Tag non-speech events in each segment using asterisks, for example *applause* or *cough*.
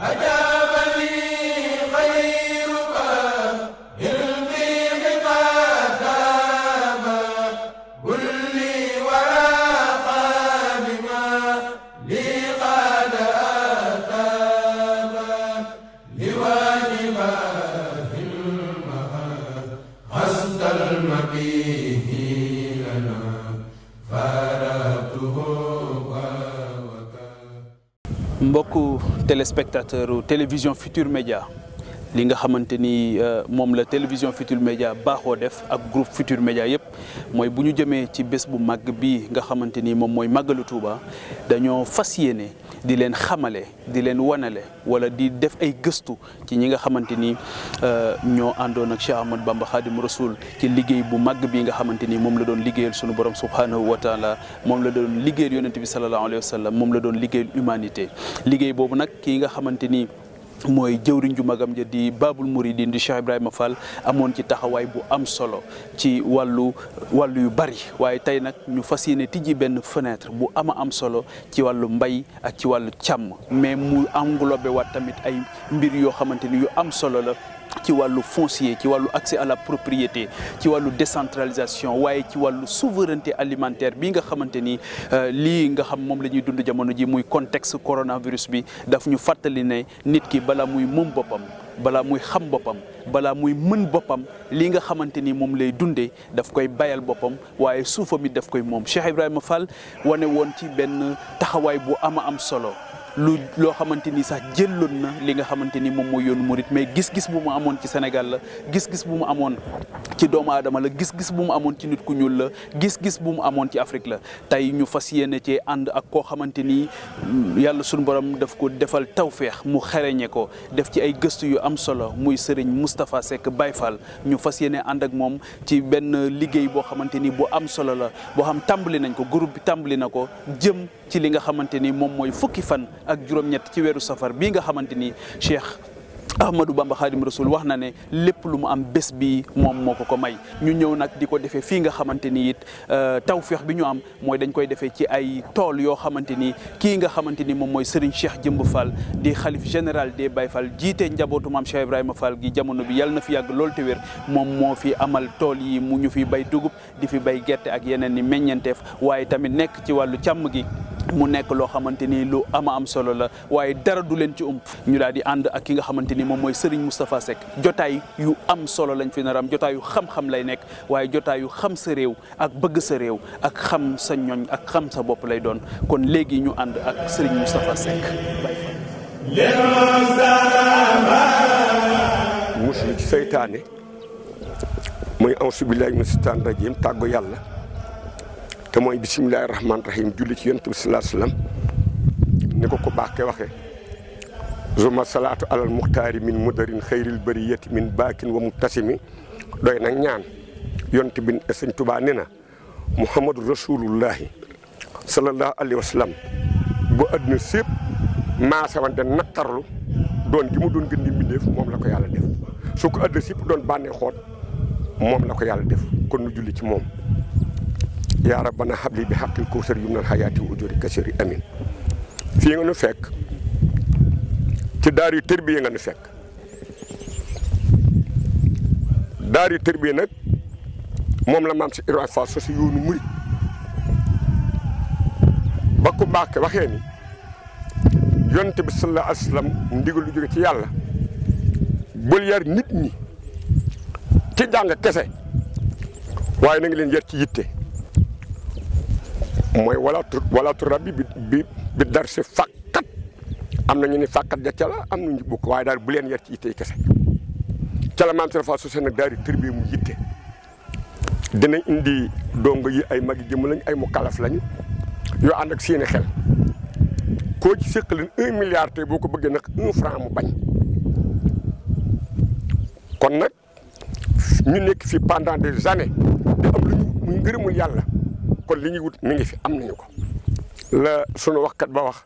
a téléspectateur télévision Futur Média li nga xamante ni euh, moom la télévision Futur Média baaxoo def ak groupe Futur Média yëpp mooy bu ñu jëmee ci bés bu màgg bi nga xamante ni moom mooy màggalu Tuuba dañoo fas yéene di leen xamale di leen wanale wala di def ay gëstu ci ñi nga xamante ni euh, ñoo andoon ak Cheikh Ahmad Bamba Khadim Rasoul ci liggéey bu màgg bii nga xamante ni moom la doon liggéeyal sunu borom subhanahu wa taala moom la doon liggéeyal yonent bi sallallahu alayhi wa moom la doon liggéeyal humanité liggéey boobu nag kii nga xamante ni mooy jëwriñ ju magam ja di Babul Mouridine di Cheikh Ibrahima Fall amoon ci taxawaay bu am solo ci wàllu wàllu yu bari waaye tey nag ñu fas yéene tijji benn fenêtre bu ama am solo ci wàllu mbay ak ci wàllu càmm mais mu englobé waat tamit ay mbir yoo xamante ni yu am solo la ci wàllu foncier ci wàllu accès à la propriété ci wàllu décentralisation waaye ci wàllu souveraineté alimentaire bi nga xamante ni euh, lii nga xam moom la ñuy dund jamono ji muy contexte coronavirus bi daf ñu fàttali ne nit ki bala muy moom boppam balaa muy xam boppam balaa muy mën boppam lii nga xamante ni moom lay dundee daf koy bayal boppam waaye suufam it daf koy moom Cheikh Ibrahima Fall wane woon ci benn taxawaay bu ama am solo lu loo xamante ni sax jël jëlloon na li nga xamante ni moom mooy yoonu murit mais gis-gis bu mu amoon ci Sénégal la gis-gis bu mu amoon ci doomu aadama la gis-gis bu mu amoon ci nit ku ñuul la gis-gis bu amoon ci Afrique la tey ñu fas yéene ci ànd ak koo xamante ni yàlla suñu borom daf ko defal tawféex mu xereñe ko def ci ay gëstu yu am solo muy sëriñ Moustapha sekk Baye Fall ñu fas yéene ànd ak moom ci benn liggéey boo xamante ni bu am solo la boo xam tàmbali nañ ko groupe bi tàmbali na ko jëm ci li nga xamante ni moom mooy fukki fan ak juróom-ñett ci weeru safar bii nga xamante ni Cheikh Ahmadou Bamba Khadim Rasoul wax na ne lépp lu mu am bés bi moom moo ko ko may ñu ñëw nag di ko defee fii nga xamante ni it euh, tawféex bi ñu am mooy dañ koy defee ci ay tool yoo xamante ni kii nga xamante ni moom mooy Serigne Cheikh Jëmb Fall di xalif général de bay Fall jiite njabootu maam Cheikh Ibrahima Fall gi jamono bi yàlla na fi yàgg lool te wér moom moo fi amal tool yi mu ñu fi bay dugub di fi bay gerte ak yeneen ni meññeenteef waaye tamit nekk ci wàllu càmm gi. mu nekk loo xamante ni lu ama am solo la waaye dara du leen ci um ñu daal di ànd ak ki nga xamante ni moom mooy Serigne Moustapha Seck jotaay yu am solo lañ fi nar am jotaay yu xam lay nekk waaye jotaay xam sa réew ak bëgg sa réew ak xam sa ñoñ ak xam sa bopp lay doon kon léegi ñu ànd ak Serigne Moustapha Seck musul ci seytaane muy auzu billaahi mina seytaani rajiim yàlla te mooy bisimilahi rahmaani rahim julli ci yonent bi salaa salaam ni ko ko baax ke waxee zuma salaatu alal muxtaari min mudarin xayril bariyati min baakin wa mubtasimi doy nag ñaan yonent bi sëñ tubaa na muhammadu rasulullahi sallallahu alayhi wa sallam bu àdduna sépp maasawante nattarlu doon gi mu doon gën di moom la ko yàlla def su ko àdduna sépp doon bànnee xoot moom la ko yàlla def kon nu julli ci moom yaa rabbana habli bi xaqil kawsar yumnal xayaati wa ujuri kasiri amin fii nga nu fekk ci daar yu tërbiye nga nu fekk daar yu tërbiye nag moom la maam si Ibrahima Fall sosu yoonu murit ba ku baax waxee ni yonent bi sallallahu alayhi wa lu jóge ci yàlla bul yar nit ñi ci jàng kese waaye na nga leen yar ci yitte mooy walaatu walaatu rabbi bi bi bi dar si fàkkat am na ñu ne fàkkat ja ca am na ñu bokk waaye daal bu leen yar ci ittey kese ca la maam Serapha Socé nag daal di tërbie mu yitte dina indi dongo yi ay magi jëmm lañ ay mu kalaf lañ yoo ànd ak seeni xel koo ci séqalin un milliard tey boo ko bëggee nag un franc mu bañ kon nag ñu nekk fi pendant des années di am lu ñu ngërëmul yàlla kon li ñuy wut mi ngi fi am nañu ko la sunu waxkat ba wax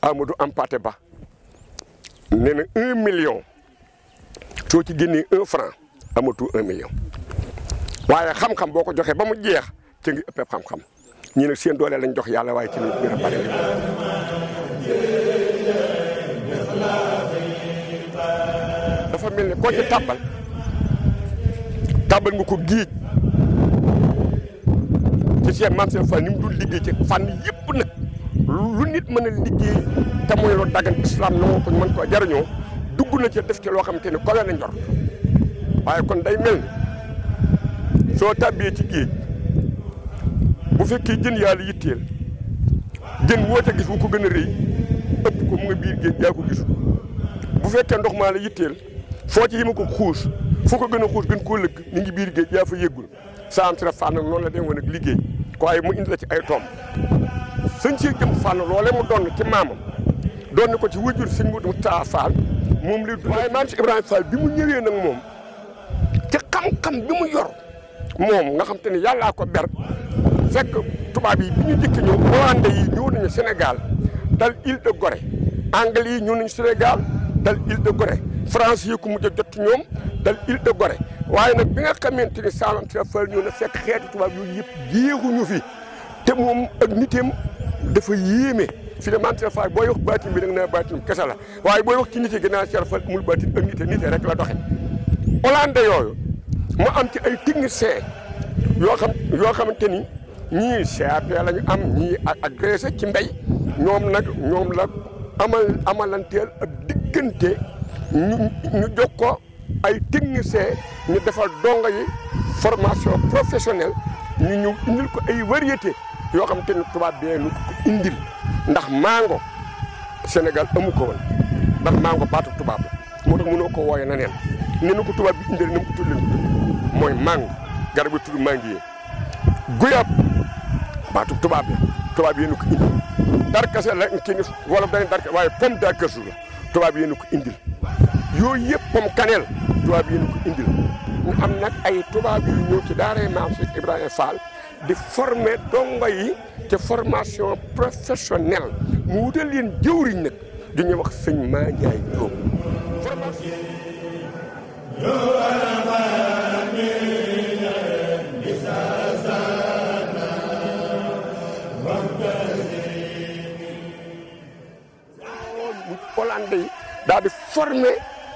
Amadou Ampaté Ba nee na un million soo ci génnee un franc amatu un million waaye xam-xam boo ko joxee ba mu jeex ci ngi ëppee xam-xam ñi nag seen doole lañ jox yàlla waaye ci li gën a bari dafa mel ni koo ci tàbbal tàbbal nga ko géej te Cheikh Mame Cheikh Fall ni mu dul liggéey ci fànn yëpp nag lu nit mën a liggéey te muy lu dagan islam mën koo jariñoo dugg na ci def ci loo xam te ne kawe na njor kon day mel soo tàbbee ci géej bu fekkee jën yàlla yitteel jën woo ca gis wu ko gën a rëy ko mu nga biir bu fekkee ndox maa la yitteel foo ci yima ko xuus foo ko gën a xuus gën koo lëgg mi ngi biir géej yaa fa yëggul saa am si raf fànn noonu la dem woon ak liggéey waaye mu indi la ci ay doom sëñ ci loole mu doon ci maamam doon ko ci wujur sëñ mu taa Fall moom li waaye maam si Ibrahima Fall bi mu ñëwee nag moom ci xam-xam bi mu yor moom nga xam te ni yàllaa ko ber fekk tubaab yi bi ñu dikk ñëw hollandais yi ñëw nañu Sénégal dal île de Gorée anglais yi ñëw nañu Sénégal dal île de Gorée France yi ku mujj a jot ñoom dal île de Gorée waaye nag bi nga xamante ni Saalum si far ñëw na fekk xeetu tubaab yooyu yëpp jéexuñu fi te moom ak nitam dafa yéeme fi ne maam Serap Fall booy wax baatin bi nag naa baatin kese la waaye booy wax ci nit yi gannaaw Serap Fall mul baatin ak nit yi nit yi rek la doxe Hollande yooyu mu am ci ay techniciens yoo xam yoo xamante ni ñii CAP la ñu am ñii agressé ci mbéy ñoom nag ñoom la amal amalanteel ab diggante. ñu ñu jox ko ay techniciens ñu defal dongo yi formation professionnelle ñu ñu indil ko ay variété yoo xam te ne tubaab bee lu ko indil ndax mango senegal amu ko woon ndax mango baatu tubaab la moo tax mënoo ko wooye na neen ne nu ko tubaab bi indil ni mu ko tudd leen ko mooy mango garab yi tudd mangi yi guyaab baatu tubaab la tubaab yéen ko indil darkase la kii ni wolof dañuy darkase waaye pomme de la tubaab yéen ko indil yooyu yëpp pom kaneel tubaab yi ñu ko indil ñu am nag ay tubaab yu ñëw ci daaray maam Cheikh Ibrahima Fall di former dongo yi te formation professionnelle mu wutal leen jëwriñ nag di ñu wax sëñ maa Njaay Jóob Hollande yi daal di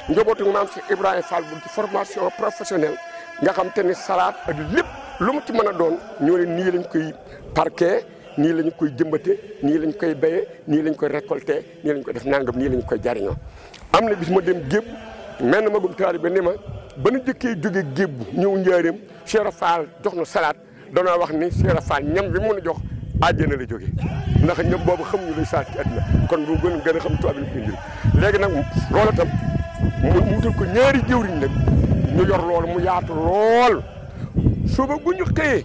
njabootu maam si Ibrahima Fall bu ci formation professionnelle nga xam te ne salaat ak lépp lu mu ci mën a doon ñoo ne nii lañ koy parqué nii lañ koy jëmbate nii lañ koy béye nii lañ koy récolté nii lañ koy def nangam nii lañ koy jariñoo am na bis ma dem géeb mel na magum taalibe ni ma ba nu jëkkee jóge géeb ñëw njaareem Cheikh Fall jox na salaat danoo wax ni Cheikh Fall ñam bi mën a jox àjjana la jóge ndax ñam boobu xamuñu lay saat ci àddina kon bu gën gën a xam tubaab bi ñu léegi nag mu wutal ko ñaari jëwriñ nag ñu yor loolu mu yaatu lool suba gu ñu xëyee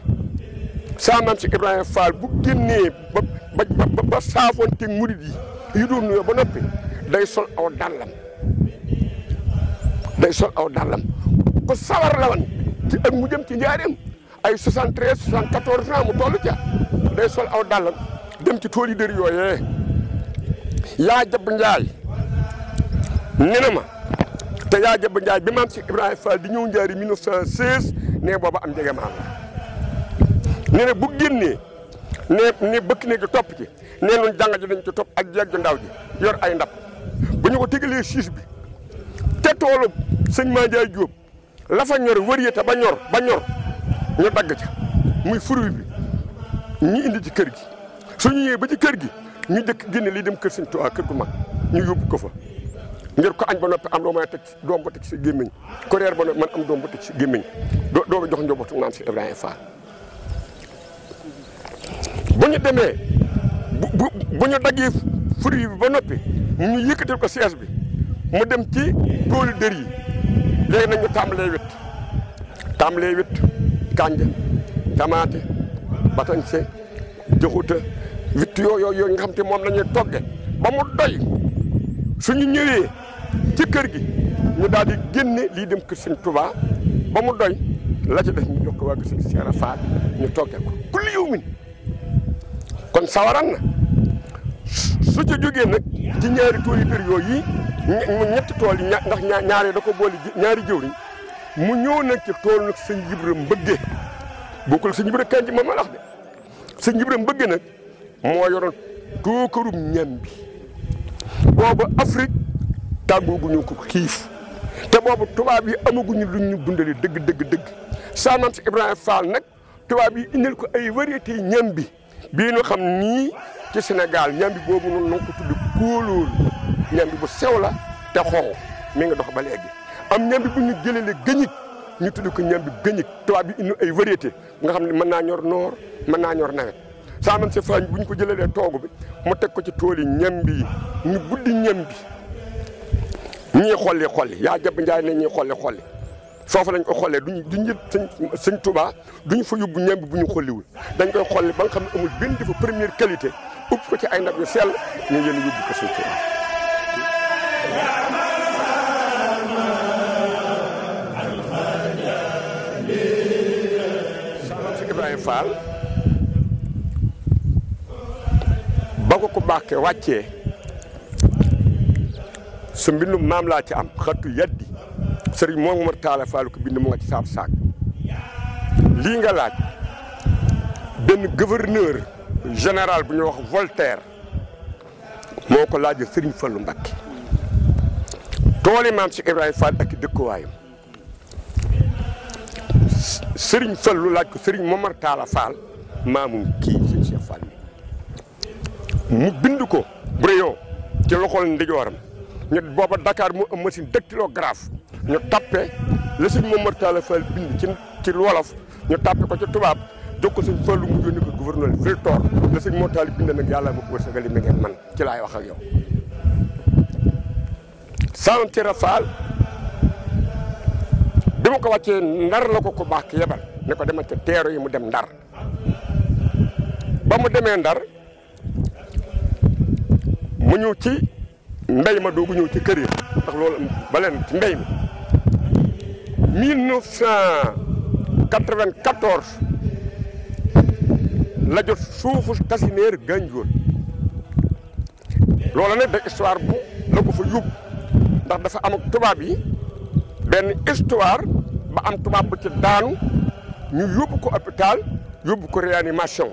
saa maam si Ibrahima Fall bu génnee ba ba ba ba saafoonte murid yi yu doon nuyoo ba noppi day sol aw dàllam day sol aw dallam ko sawar la woon ak mu jëm ci njaareem ay 73 74 ans mu toll ca day sol aw dàllam dem ci tool yi dër yooyee yaa jab njaay nee ma te yaa jëbb njaay bi maam si Ibrahima Fall di ñëw njaari 1916 ne booba am njege maam la ne ne bu génnee ne ne bëkk néeg di topp ci nee nun jàng ji top ci topp ak jeeg ndaw ji yor ay ndab bu ñu ko tegalee siis bi te toolu sëñ maa njaay jóob la fa ñor wër te ba ñor ñu dagg ca muy fruit bi ñu indi ci kër gi suñu ñëwee ba ci kër gi ñu dëkk génne lii dem kër sëñ Tuubaa kër gu mag ñu yóbbu ko fa ngir ko añ ba noppi am doom ba teg doom ba teg si gémmiñ ko reer ba noppi man am doom ba teg si gémmiñ doo doo jox njabootu maam si Ibrahima Fall. bu ñu demee bu bu ñu daggee fruit bi ba noppi ñu yëkkatil ko siège bi mu dem ci toolu dër yi léegi nag ñu tàmbalee wit tàmbalee wit kànja tamaate batañse joxuta wit yooyu yooyu nga xam te moom la ñuy ba mu doy suñu ñëwee ci kër gi ñu daal di génne lii dem kër sëñ Touba ba mu doy la ci def ñu jox ko waa kër sëñ Cheikh Rafaal ñu toggee ko kulli yawmin kon sawaran na su ci jógee nag ci ñaari tool yi dër yooyu mu ñetti tool yi ndax ñaari da ko boole ñaari jëwriñ mu ñëw nag ci tool nag sëñ Ibra mbëggee bokkul sëñ Ibra kanji ma ma wax de sëñ Ibra mbëggee nag moo yoroon tookarum ñam bi booba ñu ko xiif te boobu tubaab yi amaguñu luñ ñu dundale dëgg dëgg dëgg saa maam si Ibrahima Fall nag tubaab yi indil ko ay variété ñambi bii nu xam nii ci Sénégal ñambi boobu noonu na ko tudd kóolóol ñambi bu sew la te xonq mi nga dox ba léegi am bu ñu jëlale gëñik ñu tudd ko ñambi gëñik tubaab yi indi ay variété nga xam ne mën naa ñor noor mën naa ñor nawet saa si Fall bu ñu ko jëlalee toogu bi mu teg ko ci tool yi ñambi yi ñu buddi ñambi ñii xolli xolli yaa jëb njaay ne ñii xolli xolli foofu lañ ko xollee duñ duñ yëpp sëñ sëñ Touba duñ fa yóbbu ñam bi bu ñu dañ koy xolli ba xam ne amul benn dafa première qualité upp ko ci ay ndab yu sell ñu yéen yóbbu ko sëñ Touba Fall ba ko ko bàkkee wàccee su mbindum maam laa ci am xattu yaddi sëriñ moom Omar Talla Fall ko bind mu nga ci saab saak lii nga laaj benn gouverneur général bu ñu wax Voltaire moo ko laaj sëriñ Fallu Mbakke tooli maam si Ibrahima Fall ak i dëkkuwaayam sëriñ Fallu laaj ko sëriñ Momar Talla Fall maamum kii sëriñ Cheikh Fall mu bind ko Bréon ci loxol ndijooram ñu booba dakaar mu am machine dactylographe ñu tappe la sëñ Momar Talla Fall bind ci ci wolof ñu tappe ko ci tubaab jox ko sëñ Fallu mu yónni ko gouverneur Victor la sëñ Momar Talla bind nag yàlla ma ko wërsëgal mi ngeen man ci laay wax ak yow Santhira Fall bi ma ko wàccee ndar la ko ku baax ki yebal ne ko demal ca teero yi mu dem ndar ba mu demee ndar mu ñëw ci mbéy ma doogu ñëw ci kër yi ndax loolu baleen ci mbéy mi 1994 loola nag da histoire bu la ko fa yóbbu ndax dafa am ak tubaab yi benn histoire ba am tubaab bu ci daanu ñu yóbbu ko hôpital yóbbu ko réanimation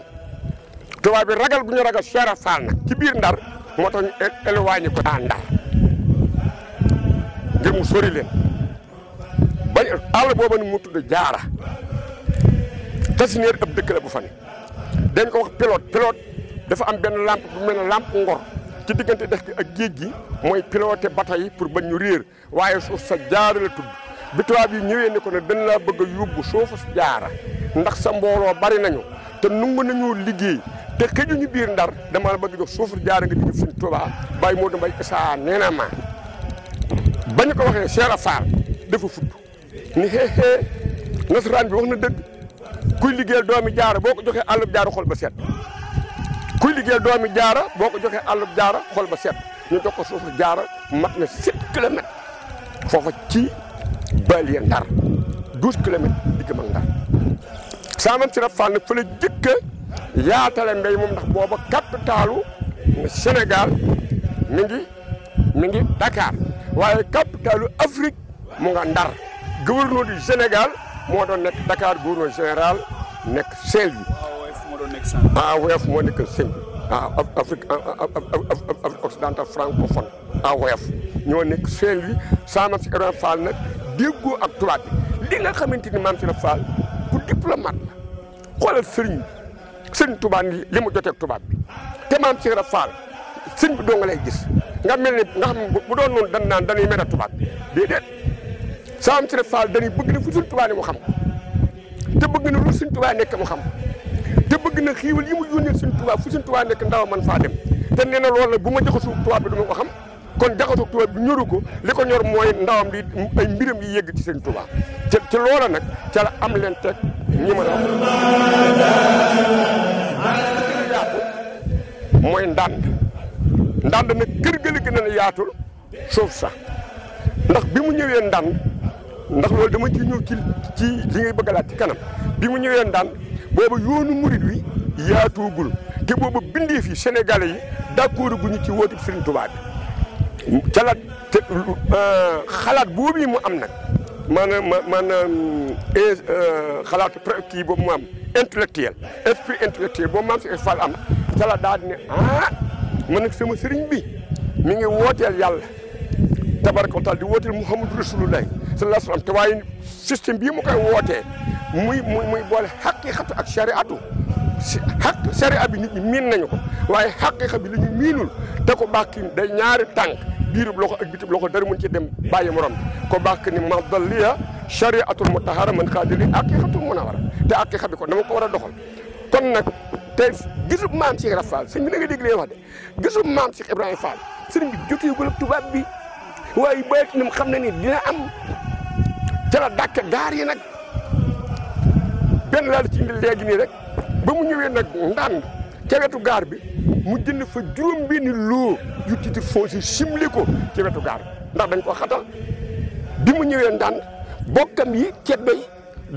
tubaab bi ragal bu ñu ragal Cheikh Fall nag ci biir Ndar moo tax ñu éloigné ko naa ngir mu sori leen bañ àll booba ni mu tudd jaara Tassinère ab dëkk la bu fa dañ ko wax pilote pilote dafa am benn lampe bu mel ne lampe ngor ci diggante dex gi ak géej gi mooy piloté bato yi pour bañ ñu réer waaye suuf sa jaara la tudd bi tubaab yi ñëwee ni ko ne benn laa bëgg a yóbbu suufu jaara ndax sa mbooloo bari nañu te nungu nañu liggéey te xëjuñu biir ndar dama ba bëgg jox suuf jaara nga digg suñ Tuubaa Baye Modou Mbaye Issa nee na ma bañ ko waxee Cheikh Fall dafa fudd ni xeexee nasaraan bi wax na dëgg kuy liggéeyal doomi jaaro boo ko joxee àllub jaara xol ba set kuy liggéeyal doomi jaara boo ko joxee àllub jaara xol ba set ñu jox ko suuf jaara mat na 7 kilomètres foofa ci Balien Ndar 12 kilomètres digg mag Ndar saa man si rafet nag fa yaatale mbéy moom ndax booba capitalu Sénégal mi ngi mi ngi Dakar waaye capitalu Afrique mu nga Ndar gouverneur du Sénégal moo doon nekk Dakar gouverneur général nekk Selvi AOF moo nekk Selvi ah Afrique occidentale francophone AOF ñoo nekk Selvi saa ma fi Ibrahima Fall nag déggoo ak tubaab bi li nga xamante ni maam si la Fall ku diplomate la xoolal sëriñ bi sëñ tubaab ngi li mu joteeg tubaab bi te maam Cheikh Ibra Fall sëñ bi doo nga lay gis nga mel ni nga xam bu doon noonu dan naan dañuy mel a tubaab déedéet saam Cheikh Ibra Fall dañuy bëgg ni fu sëñ tubaab ne mu xam te bëgg na lu sëñ tubaab nekk mu xam te bëgg na yi mu yónnee sëñ tubaab fu sëñ tubaab nekk ndaw man faa dem te nee na loolu nag bu ma joxasu tubaab bi du ma ko xam kon jaxasoo tubaab bi ñoru ko li ko ñor mooy ndawam li ay mbiram yi yëgg ci sëñ Tuubaa ca ca loola nag ca la am leen teg ñi mën a yaatu mooy ndànd ndànd nag kër ga la gën a yaatul suuf sax ndax bi mu ñëwee ndànd ndax loolu dama ci ñëw ci ci li ngay bëggalaat ci kanam bi mu ñëwee ndànd booba yoonu murit wi yaatuugul te booba bindee fi Sénégalais yi d'accord guñu ci wóotib Sëriñ Tuubaa bi jalaat te euh, xalaat boobu mu am nag maanaam maanaam euh, xalaat kii boobu mu am intellectuel esprit intellectuel boo maam si Fall am jalaat daal ne ah man nag sama sëriñ bi mi ngi wooteel yàlla tabaraka wa di wooteel Muhammadu Rasulullah sallallahu alayhi wa sallam te waaye système bii mu koy wootee muy muy muy boole xaqiqatu ak shariatu xaq sharia bi nit ñi miin nañu ko waaye xaqiqa bi la ñu miinul te ko bàkki ñaari tànk biirub loxo ak bitub loxo dara mun ci dem bàyyi morom ko baax ni ma dalliya shariatul mutahara man xaadili aqiqatul munawara te aqiqa bi ko dama ko war a doxal kon nag tey gisub maam Cheikh Ibra Fall sëñ bi na nga dégg leen wax de gisub maam Cheikh Ibrahima Fall sëñ bi joteegul tubaab bi waaye béykat yi xam na ni dina am ca la dàkk gaar yi nag benn laal ci indi léegi rek ba mu ñëwee nag ndànd ca wetu gaar bi mu jënd fa juróom benni loo yu titre foncier simli ko ci wetu gaar bi ndax dañ ko xatal bi mu ñëwee ndànd bokkam yi cebbe yi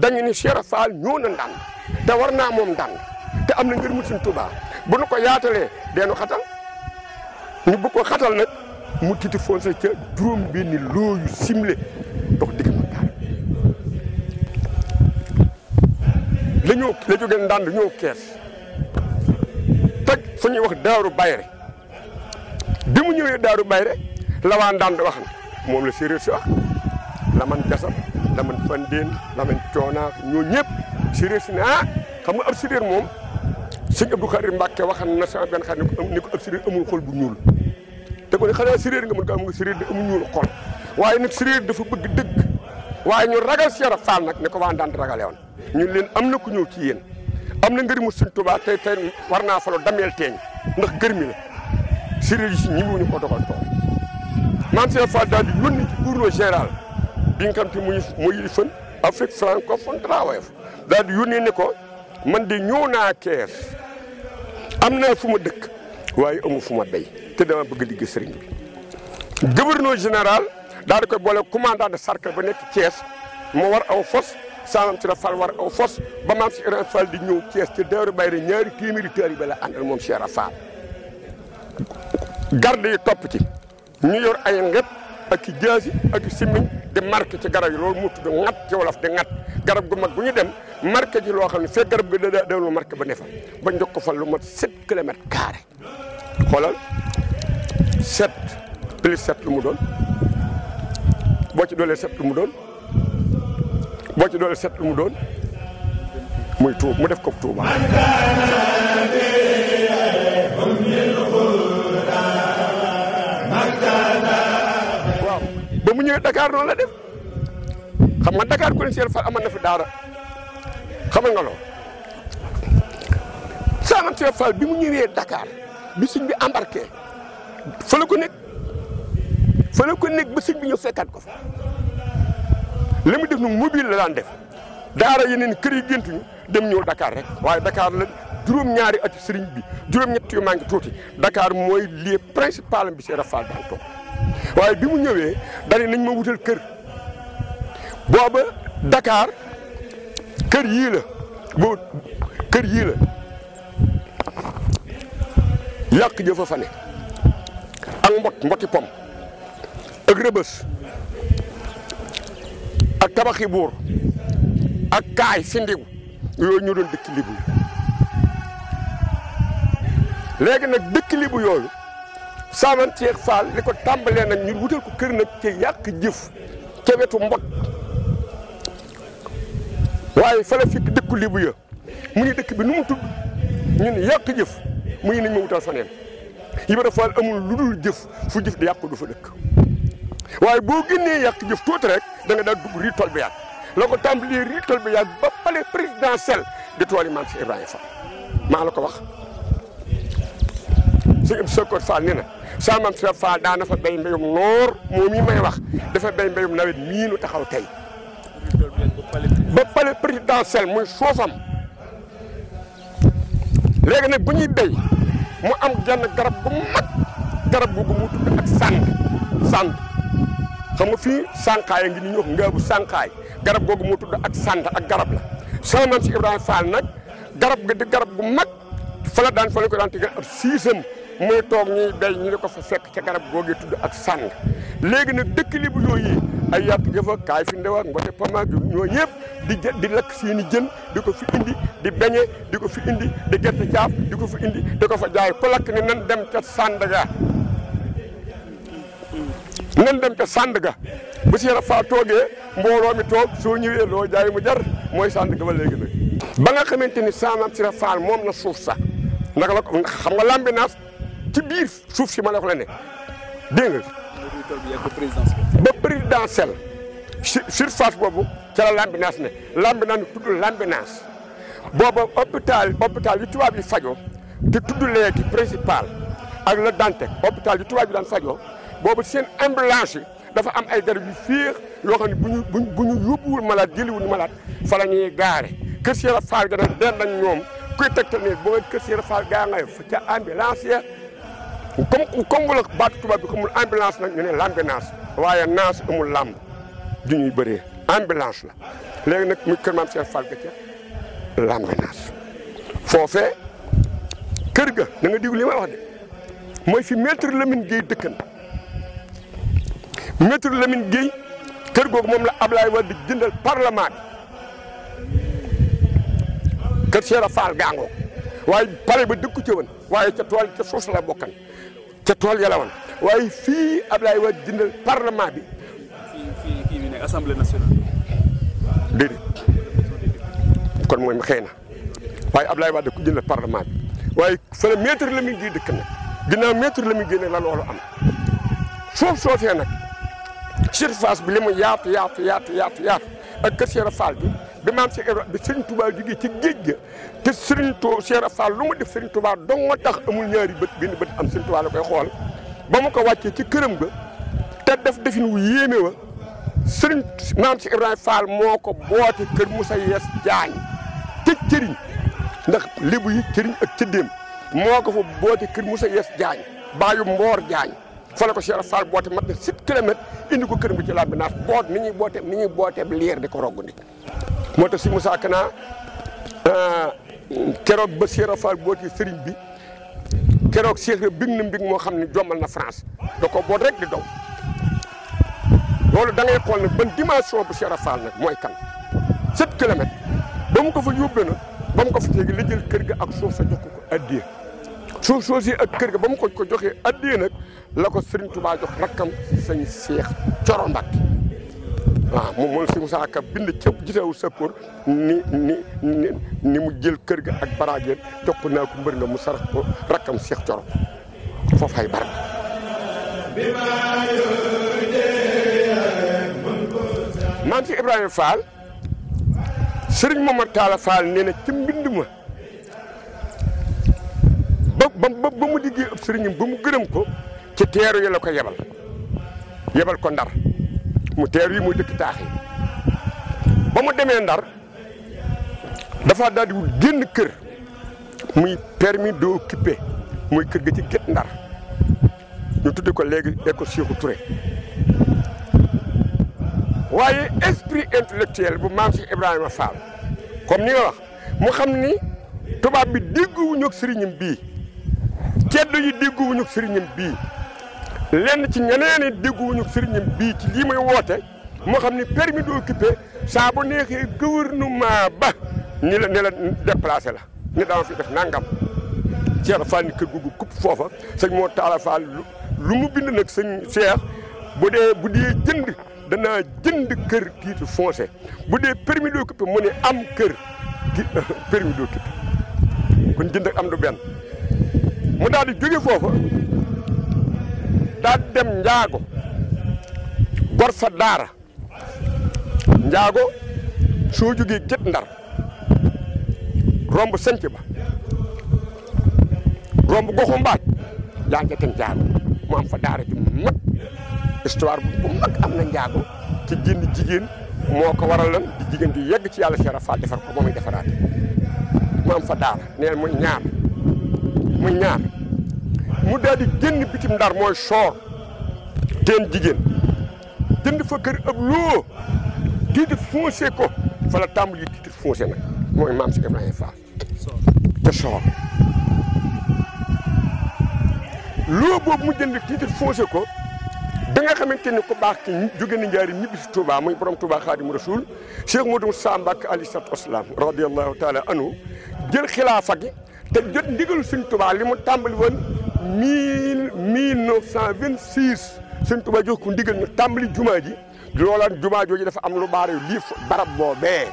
dañu ni Cheikh Fall ñëw na ndànd te war naa moom ndànd te am na ngir mu suñ Tuubaa bu nu ko yaatalee deenu xatal ñu bu ko xatal nag mu titre foncier ca juróom benni loo yu simle dox digg ma gaar bi la ñoo la jógee ndànd ñëw kees fu ñuy wax daaru bayre bi mu ñëwee daaru bayre la waa ndànd wax na moom la séeréer si wax la man gasam la man fandeen la man coonaa ñoo ñëpp séeréer si ne ah xam nga ab séeréer moom sëñ Abdou Khadir Mbacke waxan na sama benn xar ni ko ab séeréer amul xol bu ñuul te ko ne xanaa séeréer nga mun ko am nga séeréer di amul ñuul xol waaye nag séeréer dafa bëgg dëgg waaye ñu ragal Cheikh Fall nag ne ko waa ndànd ragalewoon ñun leen am na ku ñëw ci yéen am na ngërëmu Sëñ Tuubaa tey tey war naa falo dameel teeñ ndax gërmi la séréer si ñi ñu ko dogal tool maam Cheikh Fall daal di yónni ci gouverneur général bi nga xam te muy muy yilifan Afrique francophone travaillef daal di yónnee ne ko man di ñëw naa kees am naa fu ma dëkk waaye amu fu ma béy te dama bëgg di gis sëriñ bi gouverneur général daal di koy boole commandant de ba nekk Thiès moo war aw fos saamam si la fal war aw fos ba maam si Ibrahima Fall di ñëw Thiès ci Dóor Bayre ñaari téeméeri tër yi ba la àndal moom Cheikh Fall garde yi topp ci ñu yor ay ngëpp ak i jaasi ak i simmiñ di marqué ci garab yi loolu mu tudd ŋat ci wolof di ŋat garab gu mag bu ñu dem marke ci loo xam ne fekk garab gi da daa doon marqué ba ne fa ba njëkk ko fa lu mat 7 kilomètres carré xoolal 7 plus 7 lu mu doon boo ci doolee set lu mu doon. boo ci doole set lu mu doon muy tuub mu def ko tuuba waaw ba mu ñëwee Dakar noonu la def xam nga Dakar ku ne seen far amoon na fi daara xam nga loolu saanam seen far bi mu ñëwee Dakar bi suñ bi embarqué fële ko nekk fële ko nekk ba suñ bi ñëw fekkaat ko fa li mu def nag mobile la daan def daara yeneen kër yi géntuñu dem ñëw dakaar rek waaye Dakar la juróom-ñaari ati sëriñ bi juróom-ñett yu maa ngi tuuti Dakar mooy lieu principal bi Cheikh Ibra daan toog waaye bi mu ñëwee dani nañ ma wutal kër booba dakaar kër yii la boo yii yàq jëfa fa ak mbot mboti pom ak rëbës ak tabaxi buur ak kaay sindiw yooyu ñu doon dëkk libu léegi nag dëkk libu yooyu saaman ceex faal li ko tàmbalee nag ñu wutal ko kër nag ci yàq jëf ca wetu mbot waaye fa fikk dëkku libu ya mu ni dëkk bi nu mu tudd ñu yàq jëf mu ngi nañ ma wutal faneen Ibra Faal amul lu dul jëf fu jëf di yàqu du fa dëkk waaye boo génnee yàq jëf tuuti rek da nga dugg rii tool bi yàgg la ko tàmbalee tool bi yàgg ba palais présidentiel di tool yi maam si Ibrahima Fall maa la ko wax sëñ Abdou Sakor Fall nee na saa maam si Fall daa na fa béy mbéyum moom yi may wax dafa béy mbéyum nawet mii nu taxaw tey ba palais présidentiel muy suufam léegi nag bu ñuy béy mu am genn garab bu mag garab googu mu tudd ak sànd sànd xam fi fii sànqaay ngi ni ñuy wax ngaabu sànqaay garab googu mu tudd ak sant ak garab la sama maam si Ibrahima Fall nag garab ga di garab gu mag fa daan fa la ko daan tegal ab siisam muy toog ñuy béy ñu ne ko fa fekk ca garab googu tudd ak sànd léegi nag dëkk li bu yooyu ay yàtt jëfa kaay fi ndewa ngote pamaak ñoo ñëpp di di lakk seeni jën di ko fi indi di beñe di ko fi indi di gerte caaf di ko fi indi di ko fa jaay ku lakk ni nan dem ca Sandaga ngeen dem ca Sandaga bu si yàlla faa toogee mbooloo mi toog soo ñëwee loo jaay mu jar mooy Sandaga ba léegi nag. ba nga xamante ni saamam si la faal moom la suuf sax naka la ko xam nga lambi ci biir suuf si ma la ko la ne dégg nga. ba présidentiel surface boobu ca la lambi ne lambi naas tudd lambi naas booba hôpital hôpital yu tubaab yi fajoo te tudd léegi principal ak la Dantec hôpital yu tubaab yi daan fajoo. boobu seen ambulance dafa am ay garab yu féex yoo xam ne bu ñu bu ñu yóbbuwul malade jëliwul malade fa la ñuy gaare kër Cheikh Fall ga nag den nañ ñoom kuy tegtal ne boo kër Cheikh Fall gaa ngay fa ca ambulance ya comme comme wala baatu tubaab bi xamul ambulance nag ñu ne l'ambulance waaye naas amul làmb du ñuy bëree ambulance la léegi nag muy kër maam Cheikh Fall ga ca l'ambulance foofee kër ga da nga li may wax de mooy fi maître Lamine Gueye dëkkan maître Lamine Guèye kër googu moom la Ablaye Wade di jëndal parlement bi kër Cheikh Fall gàngoo waaye pare ba dëkku ca woon waaye ca tool ca suuf la bokkan ca tool ya la woon waaye fii Ablaye Wade jëndal parlement bi. fii fii ne assemblée nationale. xëy na waaye Ablaye Wade ku jëndal parlement bi waaye fële la Lamine Guèye dëkk nag ginnaaw la Lamine Guèye nag la loolu am foofu soosee nag. surface bi li mu yaatu yaatu yaatu yaatu yaatu ak kër Cheikh Fall bi bi maam Cheikh Ibrahima bi Serigne Touba jógee ci géej ga te Serigne Touba Cheikh Fall lu mu def Serigne Touba dong nga tax amul ñaari bët benn bët am Serigne Touba la koy xool ba mu ko wàccee ci këram ga te def defin wu yéeme wa Serigne maam Cheikh Ibrahima Fall moo ko boote kër Moussa Yes Diagne te cëriñ ndax lébu yi cëriñ ak cëddeem moo ko fa boote kër Moussa Yes Diagne baayu Mboor Diagne fa la ko Cheikh Fall boote mat na 7 kilomètres indi ko kër bi ci làmbi naaf boot ni ñuy boote ni ñuy booteeb liir di ko roggundi moo tax si Moussa Kana euh, keroog ba Cheikh Fall booti sëriñ bi keroog Cheikh big na mbig moo xam ne jommal na France da ko boot rek di daw loolu da ngay xool nag ban dimension bu Cheikh Fall nag mooy kan 7 kilomètres ba mu ko fa yóbbee nag ba mu ko fa teegi la kër gi ak suuf sa jox ko addiya suuf soosi ak kër ga ba mu ko ko joxee addee la ko Serigne Touba jox rakkam sëñ Cheikh mbak Mbacké waaw moom moom Ka bind ca gisewul sëkkoor ni ni mu jël kër ga ak baraajeer jox ko naa ko mbër nga mu sarax ko rakkam Cheikh Thioro foofu ay barab maam si Ibrahima Fall Serigne Momar Talla Fall nee na ci ma ba ba ba mu liggéey ab sëriñam ba mu gërëm ko ci teeru yi la ko yebal yebal ko ndar mu teeru yi muy dëkk taax yi ba mu demee ndar dafa daal génn kër muy permis d'occuper muy kër gi ci gét ndar ñu tudde ko léegi école Cheikhou Touré waaye esprit intellectuel bu maam si Ibrahima Fall comme ni nga wax mu xam ni tubaab bi dégguwuñu ak sëriñam bii tedd yi dégguwuñu sëriñam bii lenn ci ñeneen yi dégguwuñu sëriñam bii ci lii may woote moo xam ni permis d'occuper saa bu neexee gouvernement ba ni la ni la la ni dama fi def nangam Cheikh Fall ni kër googu kupp foofa sëñ moo taala Fall lu mu bind nag sëñ Cheikh bu dee bu dee jënd danaa jënd kër titre foncier bu dee permis d'occuper mu ne am kër *laughs* permis d'occuper kon jënd am du benn mu daal di jóge foofa daal dem njaago gor fa daara njaago soo jógee gët ndar romb sanc ba romb goxu mbaaj yaa ngi njaago mu am fa daara ju mag histoire bu mag am na njaago ci génn jigéen moo ko waral lan jigéen di yegg ci yàlla seera faal defar ko moom muy defaraat mu am fa daara neen muy ñaar mu ñaar mu daal di génn bitim ndar mooy soor teen jigéen jënd fa kër ab loo titre foncier ko fa la tàmbali titre foncier nag mooy maam si Ibrahima Fall te soor loo boobu mu jënd titre foncier ko da nga xamante ni ku baax ki jóge na njaari ñibbi si Touba muy borom Touba Xaadimu Rasuul Cheikh Modou Samba Mbacke aleyhi salaatu wa radiyallahu taala anhu jël xilaafa te jot ndigalu Sëñ li mu tàmbali woon mille mille neuf cent vingt six Sëñ Tuubaa jox ko ndigal ñu tàmbali jumaa ji loolaan jumaa jooju dafa am lu baare lii barab boobee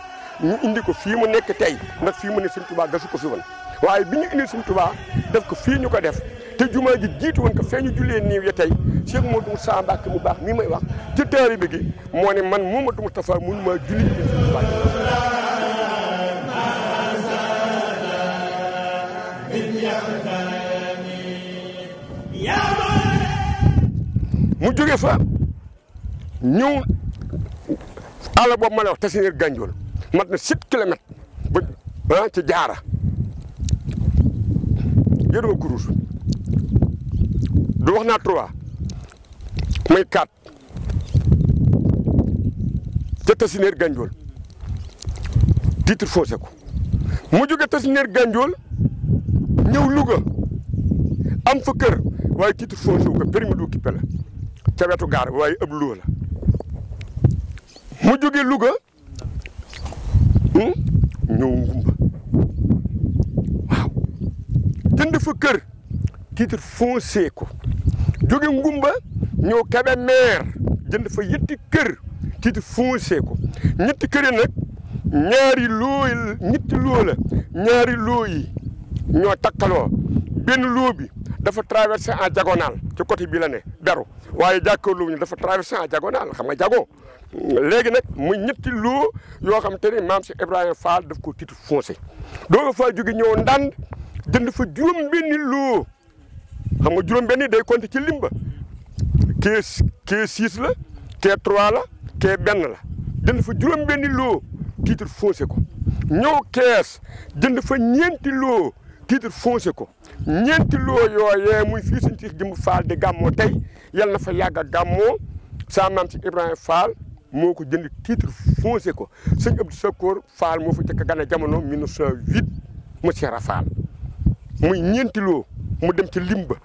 ñu indi ko fii mu nekk tey ndax fii mu ne Sëñ Tuubaa dasu ko fi woon waaye bi ñu indi Sëñ def ko fii ñu ko def te jumaa ji jiitu woon ko fee ñu jullee niiw ya tey Cheikh Modou Moussa Mbacke mu baax mii may wax ci taalibe gi moo ne man Mouhamadou Moustapha mënu maa julli Sëñ mu jóge fa ñëw àll boobu ma la wax Tasineer Ganjool mat na 7 kilomètres ba ah ci jaara yoruma kurus du wax naa 3 muy 4 ca Tasineer Ganjool titre foosé mu jóge Tasineer Ganjool ñëw Louga am fa kër waaye titre foosé ko permis d'occuper la. ca wetu gaar waaye ëpp Louga la mu jóge Louga hmm, ñëw ngumba waaw jënd fa kër titre foncier jóge ngumba ñëw Kébémer jënd fa yetti kër titre foncier ko ñetti kër yi nag ñaari looy ñetti loo ñaari loo yi ñoo takkaloo benn loo bi dafa traversé en diagonale ci côté bi la beru waaye jàkkaarloo ñu dafa traversé en diagonale xam nga jago léegi nag mu ñetti loo yoo xam te ne maam si Ibrahima Fall daf ko titre foncé doo nga faa jóge ñëw ndànd jënd fa juróom-benni loo xam nga juróom-benni day compter ci limba ba kee six la kee trois la kee benn la jënd fa juróom-benni loo titre foncé ko ñëw kees jënd fa ñeenti loo titre foncé ko. ñeenti loo yooyee muy fii suñ Seex Jëmb Faal di gàmmoo tey yal na fa yàgg a gàmmoo sa maam si Ibrahima Fall moo ko jënd titre foncier ko sëñ Abdou Sakkoor Fall moo fa jëkk gane jamono 1908 mu Seera Fall muy ñeenti loo mu dem ci limba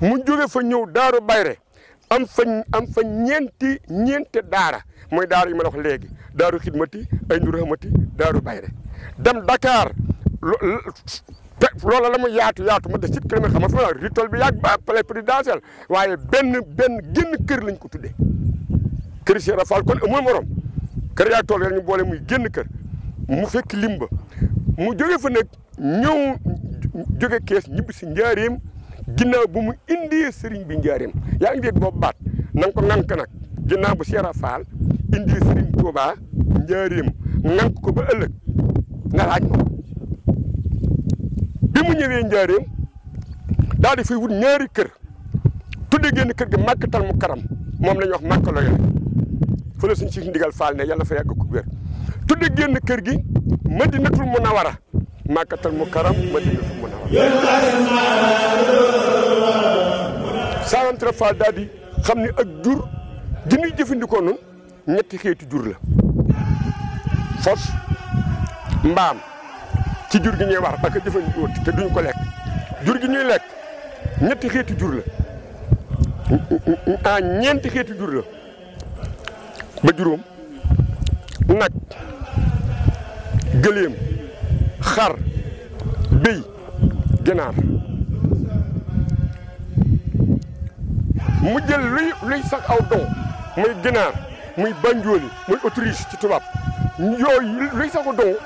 mu jóge fa ñëw Daaru Bayre am fa am fa ñeenti ñeenti daara mooy daara yi ma la wax léegi daaru xidmati ay ndu rahmati daaru bayre dem Dakar te loola la mu yaatu yaatu ma de sit kilomètre xam nga fi ma ritol bi yàgg ba palais présidentiel waaye benn benn génn kër lañ ko tuddee kër Cheikh Ibra kon amul morom kër yaa tool ñu boole muy génn kër mu fekk limba mu jóge fa nag ñëw jóge kees ñibbi si njaareem ginnaaw bu mu indee sëriñ bi njaareem yaa ngi dégg boobu baat na ko ŋànk nag ginnaaw bu Cheikh Ibra Fall indee sëriñ Touba njaareem ŋànk ko ba ëllëg nga laaj ma mu ñëwee njaareem daal di wut ñaari kër tudde génn kër gi màkkatal mu karam moom la wax màkk loyole fa la suñ si ndigal faal ne yàlla fa yàgg ko wér tudde génn kër gi madinatul munawara màkkatal mu karam madinatul munawara saantre faal daal di xam ne ak jur gi ñuy jëfandikoo ñetti xeeti jur la fos mbaam ci jur gi ñuy war ak jëfandikoo te duñ ko lekk jur gi ñuy lekk ñetti xeeti jur la ah ñeenti xeeti jur la ba juróom nag gëléem xar béy ginaar mu jël luy luy sax aw don muy ginaar muy banjooli muy autriche ci tubaab yooyu luy saxu don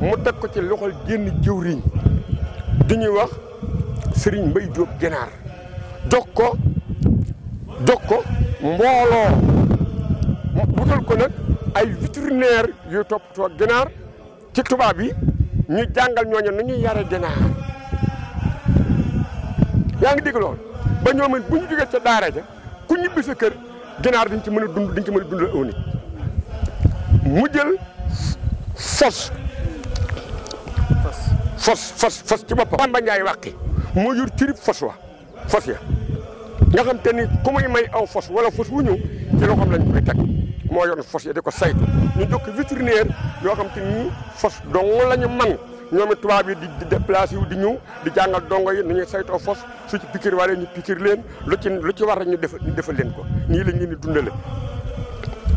mu teg ko ci loxol génn jëwriñ di ñuy wax sëriñ Mbay Jóob Ginaar jox ko jox ko mbooloo ko nag ay vétérinaire yu toppatoo ginaar ci tubaab yi ñu jàngal ñooñu nu ñuy yare ginaar yaa ngi dégg lool ba ñoom it bu ñu jógee ca daara ja ku ñibbi sa kër ginaar dañ ci mën a dund dañ ci mën a dundal aw nit mu jël sos fos fos fos ci boppam. Bamba Ndiaye wàqi moo jur cirib fos wa fos ya nga xam te ni ku muy may aw fos wala fos wu ñëw ci loxoom lañ koy teg moo yoon fos ya di ko saytu ñu jokk vétérinaire yoo xam te ni fos dong la ñu man ñoom it tubaab yi di di déplacé wu di ñëw di jàngal dongo yi nu ñuy saytoo fos su ci pikir wala ñu pikir leen lu ci lu ci war ñu def ñu defal leen ko nii la ñu ni dundale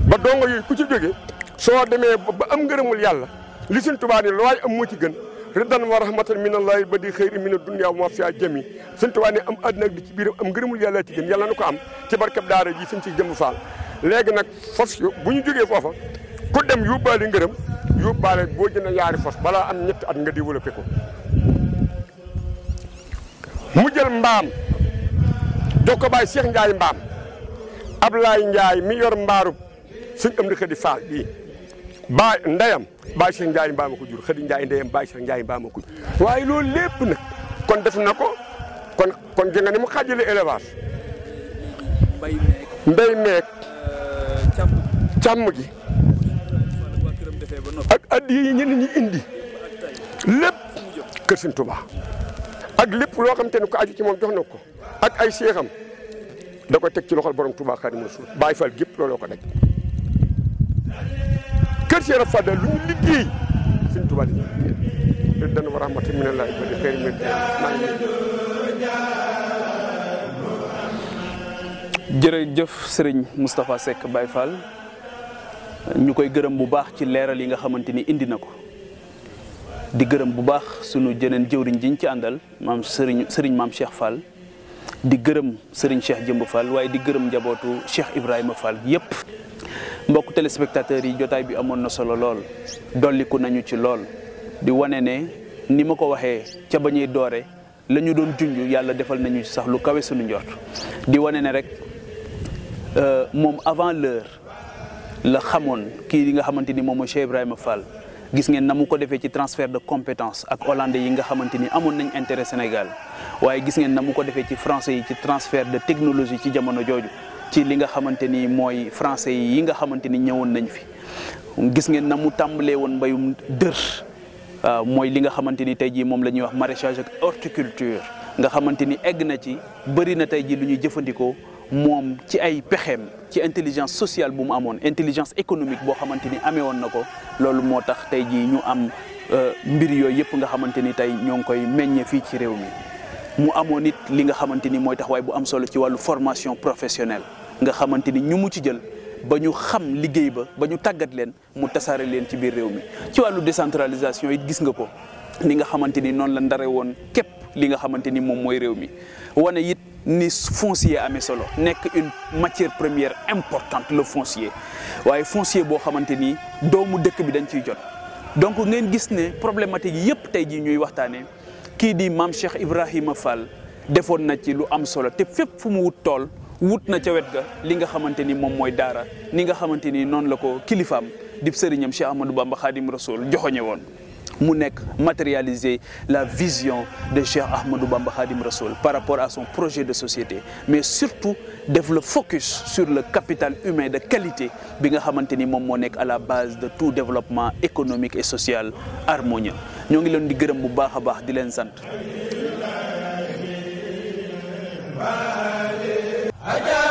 ba dongo yooyu ku ci jógee soo demee ba am ngërëmul yàlla li suñ tubaab ni looy am moo ci gën ridan wa rahmatan min allahi ba di xëyri mina dunya wa fiha jami suñ tubaab ne am àddina ak li ci biiram am ngërëmul yaa ci gën yàlla na ko am ci barkab daara ji suñ si jëmb faal léegi nag fos bu ñu jógee foofa ku dem yóbbaale ngërëm yóbbaale boo jënd yaari fos balaa am ñetti at nga développé ko mu jël mbaam jox ko baay Cheikh Ndiaye mbaam Ablaye Ndiaye mi yor mbaarub suñ am di di faal bii baay ndeyam Baye Cheikh Ndiaye Mbaa ma ko jur Xadi Ndiaye ndeyam Baye ko waaye loolu lépp nag kon def na ko kon kon gis nga ni mu xaajale élevage. mbay meek mbay meek. Euh, càmm gi ak at yi ñeneen ñi indi lépp kër tuba ak lépp loo xam te ne ko aju ci moom jox nag ko ak ay seexam da ko teg ci loxol borom tuba Tuubaa na Rasuul Baay Faal gépp looloo ko daj kër Cheikh Fadal lu ñu liggéey sëñ Tuubaa di liggéey sëriñ Moustapha Seck Baye Fall ñu koy gërëm bu baax ci leeral yi nga xamante ni indi na ko di gërëm bu baax sunu jeneen jëwriñ jiñ ci àndal maam sëriñ sëriñ maam Cheikh Fall di gërëm sëriñ Cheikh Jëmb Fall waaye di gërëm njabootu Cheikh Ibrahima Fall yépp mbokk téléspectateurs yi jotaay bi amoon na solo lool dolliku nañu ci lool di wane ne ni ma ko waxee ca ba ñuy doore la ñu doon junj yàlla defal nañu sax lu kawe suñu njort di wane ne rek euh, moom avant leur la xamoon kii li nga xamante ni moom mooy Cheikh Ibrahima Fall gis ngeen na mu ko defee ci transfert de compétence ak hollandais yi nga xamante ni amoon nañ intérêt Sénégal waaye gis ngeen na mu ko defee ci français yi ci transfert de technologie ci jamono jooju ci li nga xamante ni mooy français yi nga xamante ni ñëwoon nañ fi gis ngeen na mu tàmbalee woon mbayum dër euh, mooy li nga xamante ni tey jii moom la ñuy wax maraîchage ak horticulture nga xamante ni egg na ci bëri na tey jii lu ñuy jëfandikoo moom ci ay pexeem ci intelligence sociale bu mu amoon intelligence économique boo xamante ni amee woon na ko loolu moo tax tey jii ñu am euh, mbir yooyu yëpp nga xamante ni tey ñoo ngi koy meññe fii ci réew mi mu amoon it li nga xamante ni mooy taxawaay bu am solo ci wàllu formation professionnelle nga xamante ni ñu mu ci jël ba ñu xam liggéey ba ba ñu tàggat leen mu tasaare leen ci biir réew mi ci wàllu décentralisation it gis nga ko ni nga xamante ni noonu la ndare woon képp li nga xamante ni moom mooy réew mi wane it ni foncier amee solo nekk une matière première importante le foncier waaye foncier boo xamante ni doomu dëkk bi dañ ciy jot donc ngeen gis ne problématique yëpp tey jii ñuy waxtaanee kii di maam Cheikh Ibrahima Fall defoon na ci lu am solo te fépp fu mu wut tool wut na ca wet ga li nga xamante ni moom mooy daara ni nga xamante ni noonu la ko kilifaam dib sëriñam Cheikh Ahmadou Bamba Khadim Rasoul joxoñe woon mu nekk matérialiser la vision de Cheikh Ahmadou Bamba Khadim Rasoul par rapport à son projet de société mais surtout def le focus sur le capital humain de qualité bi nga xamante ni moom moo nekk à la base de tout développement économique et social harmonieux ñoo ngi leen di gërëm bu baax a baax di leen sant. aja